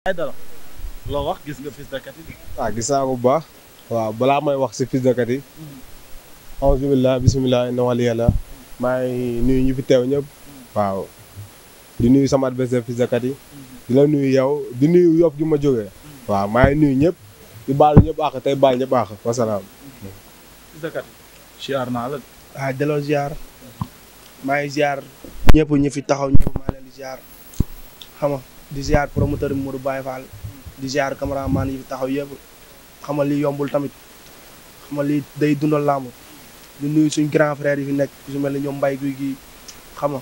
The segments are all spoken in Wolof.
Aidara gis nga Fils de Katy naa ah, ko bu baax waaw balaa may wax si Fils de Katy mm. alhamdulilah bisimilah inna wali yàlla maa nuyu ñu fi teew ñëpp mm. waaw di nuyu sama adversaire Fils de Katy mm-hmm. di la nuyu yow di nuyu yof gi ma jóge mm. waaw maa ngi nuyu ñëpp di baalu ñëpp àq tey baal ñëpp àq wasalaam mm-hmm. Fils de Katy ziar naa la waaw ah, delloo ziar maa ngi ziar ñu fi taxaw ñëpp maa leen di ziar xam nga di ziar promoteur bi Modou Baye Fall di ziar cameraman yi fi taxaw yëpp xamal li yombul tamit xamal li day dundal làmb di nuyu suñ grand frère yi fi nekk su mel ni ñoom mbay guy gi xam nga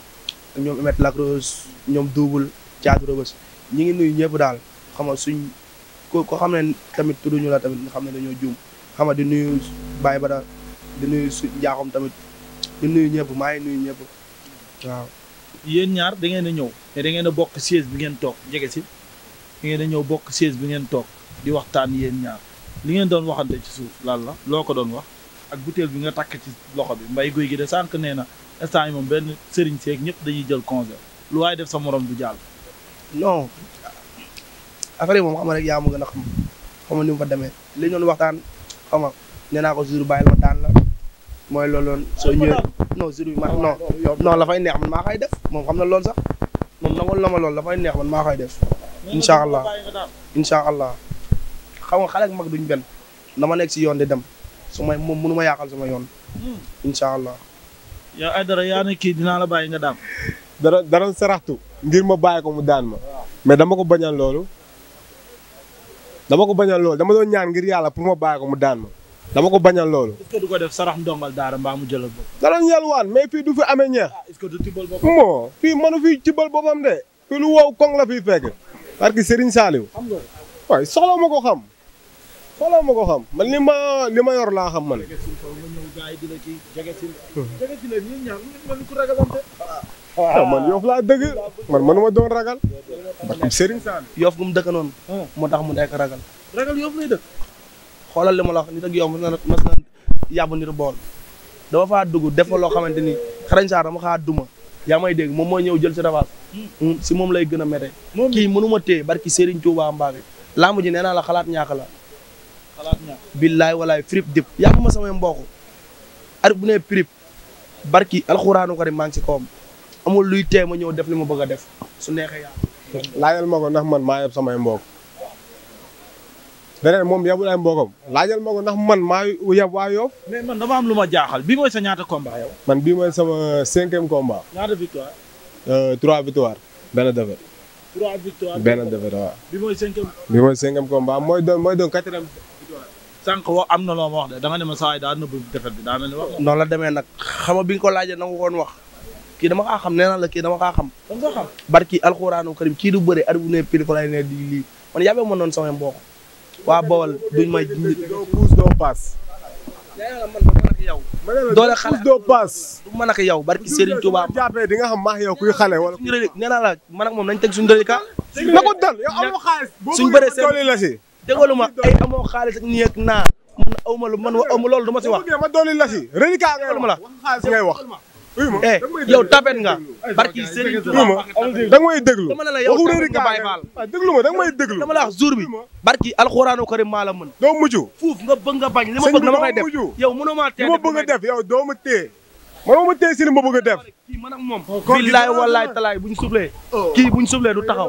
ak ñoom Emet Lacrose ñoom Double Thiatou Rebeuss ñi ngi nuyu ñëpp daal xam nga suñ ko xam ne tamit tudduñu la tamit nga xam ne dañoo juum xam nga di nuyu ba Bada di nuyu suñ njaaxum tamit di nuyu ñëpp maa ngi nuyu ñëpp yéen ñaar dangeen a ñëw te da a bokk siège bi ngeen toog jege si da ngeen a ñëw bokk siège bi ngeen toog di waxtaan yéen ñaar li ngeen doon waxante ci suuf lan la loo ko doon wax ak butéel bi nga takk ci loxo bi mbay guy gi de sànq nee na instant yi moom benn sëriñ seeg ñëpp dañuy jël congé lu waaye def sa moroom du jàll. non affaire moom xam nga rek yaa ma gën a xam xam ni mu fa demee li doon waxtaan xam nga nee naa ko toujours bàyyil ma daan la mooy loolu soo non jour bi ma non non la def moom xam na lool sax moom nangul na ma loolu la fay neex man maa koy def incha allah incha allah xam nga xale ak mag duñ benn nekk si yoon di dem su may moom mënu ma yàqal sama yoon hmm. incha allah yow ay kii dinaa la bàyyi nga daan dara dara saraxtu ngir ma bàyyi ko mu daan ma mais dama ko bañal loolu dama ko bañal loolu dama doon ñaan ngir yàlla pour ma bàyyi ko mu daan ma dama ko bañal loolu. est-ce que du ko def sarax ndongal daara mbaa mu jëlal boppam. danañ yalwaan mais fii du fi amee ñeex. Ah, est-ce que du tibbal boppam. moo fii mënu fi tibbal boppam de. fii lu wow koŋ la fiy fekk. parce que Serigne Saliou. xam nga waaye soxla ma ko xam. soxla ma ko xam ma li ma yor laa xam man. jege si kaw nga la kii hmm. ah, ah, man Yoff laa dëgg man manuma doon ragal. parce que Serigne Saliou. Yoff gu mu dëkk noonu. Hmm. moo tax mu nekk ragal. ragal xoolal li ma la wax nit ak yow mas na mas na yàbb nit bool dama faa dugg def ma loo xamante ni xarañ saar dama yaa may dégg moom mooy ñëw jël si revanche hmm. si moom lay gën a méte kii mënuma téye barki Serigne Touba Mbacké laamu ji nee naa la xalaat ñaax la xalaat ñàkk billaay walaay frip dip yàpp ma samay mbokk ar bu ne prip barki alxuraanu karim maa si kawam amul luy tee ma ñëw def li ma bëgg a def su neexee yàlla laajal ma ko ndax man maa yëpp samay mbook beneen moom yabul ay mbokkam laajal ma ko ndax man maa yab waa Yoff. mais dama am lu ma jaaxal bii mooy sa ñaata komba man bii mooy sama cinquième komba ñaata victoire. Euh, trois victoire benn défaite. trois victoire benn défaite waaw. bii mooy cinquième. mooy cinquième combat mooy doon mooy doon wax am na loo ma wax de da ne ma saa yi daal nëbb défaite bi daa mel la demee nag xama bi ko laajee nangu woon wax. kii dama kaa xam nee la kii dama kaa xam. dama barki alxuraanu karim kii du bëre at bu ne pili ko ne di lii man yàbbee ma noonu samay mbokk waa Bawol duñ ma. doo puus doo paas. doole xale doo paas. du mën ak yow barki Serigne Touba. jàppee di nga xam maax yow kuy xale wala. nee naa la man ak moom nañ teg suñu reliquat. na ko dal yow amoo xaalis. suñ bëree seen la si. déggoo ma ay amoo xaalis ak naa. man aw ma lu man aw ma loolu du ma si wax. ma dooli la si reliquat ngay wax Eh, yow tapet nga. barki Serigne Touba da nga may déglu dama ne la yow tapet nga Baye Fall. Ah, déglu ma da nga may déglu dama la wax jour bi. barki alxuraanu karim maa la mën. doo ma bëgg dama tee def ma a def yow doo tee. man ma téye si li ma bëgg a def. billaay wallaay talaay buñ sublee. Oh. kii buñ sublee du taxaw.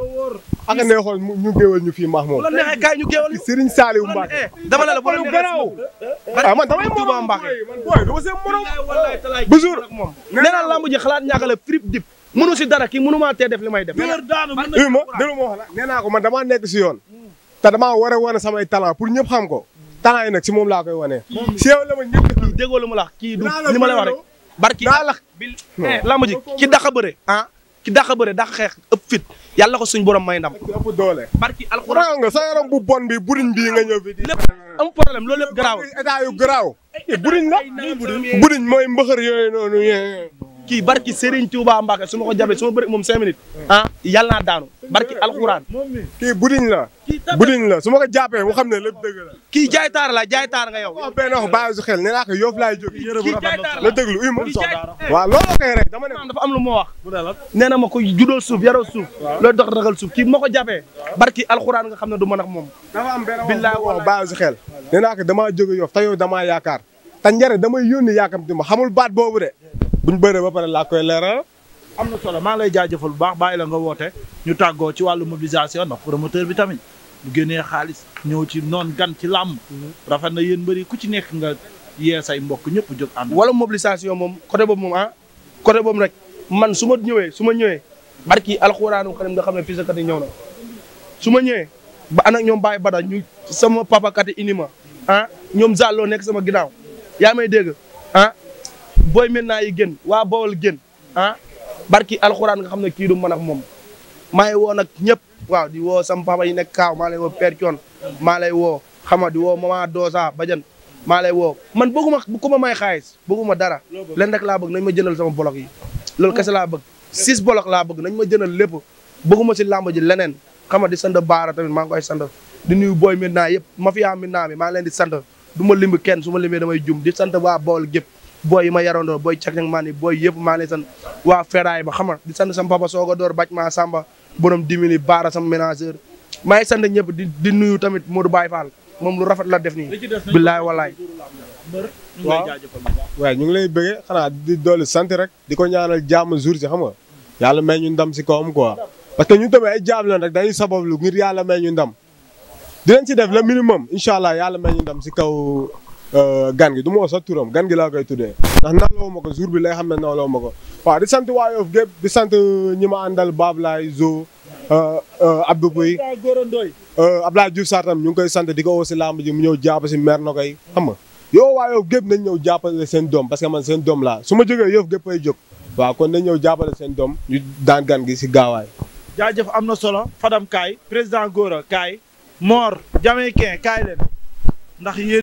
ak ne xool ñu géewal ñu fii maax moom. la neexee kaay ñu géewal ñu. Serigne Saliou Mbacke. dama la la bu la neexee ah man damay Touba Mbacke. booy dama seen morom. toujours. nee naa lamb ji dip. mënu si dara ki mënu maa tee def li may def. déglu ma déglu ma wax la nee naa ko man damaa nekk si yoon. te damaa war a wane samay talaa pour ñëpp xam ko. talent yi nag si moom laa koy wane. si yow la ma ñëpp kii déggoo lu ma la barki daa la lamb eh, ji ki dax a bëre ah ki dax a bëre dax xeex ëpp fit yàlla ko suñ borom may ndam. ëpp doole barki alxuraan nga sa yaram bu bon bi buriñ bii nga ñëw fi di lépp am problème loolu lépp garaaw état yu garaaw eh, eh, buriñ la buriñ mooy mbëxër yooyu noonu kii barki Serigne Touba Mbacke su ma ko jabee su ma bëri moom cinq minutes ah. ah, la budiñ la ma ko jàppee mu xam ne la kii jaay taar la jaay taar nga yow benn wax bàyyi la déglu koy rek dama ne dafa am lu ma wax nee na ma ko judoo suuf yaroo suuf loolu dox ragal suuf kii ma ko jàppee barki alxuraan nga xam ne du mën ak moom billaay wax bàyyi su xel nee naa ko damaa jóge yoof te yow damaa yaakaar te njare damay yónni yaakamti ma xamul baat boobu de buñ bëree ba pare laa koy leeral. am na solo maa ngi lay jaajëfal bu baax bàyyi la nga woote ñu tàggoo ci wàllu mobilisation ndax promoteur bi tamit bu génnee xaalis ñëw ci noon gan ci làmm rafet na yéen bari ku ci nekk nga yee say mbokk ñëpp jóg ànd. wala mobilisation moom côté boobu moom ah côté boobu rek man su ma ñëwee su ma ñëwee kii alxuraanu karim nga xam ne fii sa kat yi ñëw na su ma ñëwee ba ànd ñoom Baye Bada ñu sama papa kat yi indi ma ah ñoom Zallo nekk sama ginnaaw ah booy maintenant yi gën waa Bawol gën ah barki alxuraan nga xam na kii du mën ak moom maa ngi woo nag ñëpp waaw di woo sama papa yi nekk kaaw maa lay woo Père Thion maa lay woo xama di woo maman Doosa Badiane maa lay woo man bëgguma ku ma may xaalis bëgguma dara leen rek laa bëgg nañ ma jëndal sama bolok yi loolu kese laa bëgg six laa bëgg nañ ma jëndal lépp bëgguma si làmb ji leneen xama di sant baara tamit maa ngi koy sant di nuyu booy Medina yëpp mafia Medina bi maa leen di sant du ma limb kenn su ma limbee damay jum di sant waa bool gépp booy yi ma yarandoo booy cag ñag maan booy yëpp maa ngi lay sant waa feraay ba xam nga di sant sama papa soog a door baj maa samba borom dimili baara sama ménageur maa ngi sant ñëpp di di nuyu tamit Modou Baye Fall moom lu rafet la def nii billaay wallaay waaw waaw ñu ngi lay bëggee xanaa di doolu sant rek di ko ñaanal jàmm jour si xam nga yàlla may ndam si kawam quoi parce que ñu tamit ay jaam lan rek dañuy ngir yàlla may ñu ndam di leen si def le minimum incha allah yàlla may ñu si kaw Euh, gan gi du ma woo sax turam gan gi laa koy tuddee ndax nawloo ma ko jour bi lay xam ne nawloo ma ko waaw di sant waa Yoff gépp di sant ñi ma àndal Bablaye Zo euh, euh, Abdou Pouy Ablaye Diouf Sarr ñu ngi koy sant di ko si si làmb ji mu ñëw jàpp si mer na koy xam nga yow waa Yoff gépp nañ ñëw jàppale seen doom parce que man seen doom laa su ma jógee Yoff gépp ay jog waaw kon na ñëw jàppale seen doom ñu daan gan gi si gaawaay jaajëf am na solo Fadam kaay président Gora kaay Mor Jamaïcain kaay leen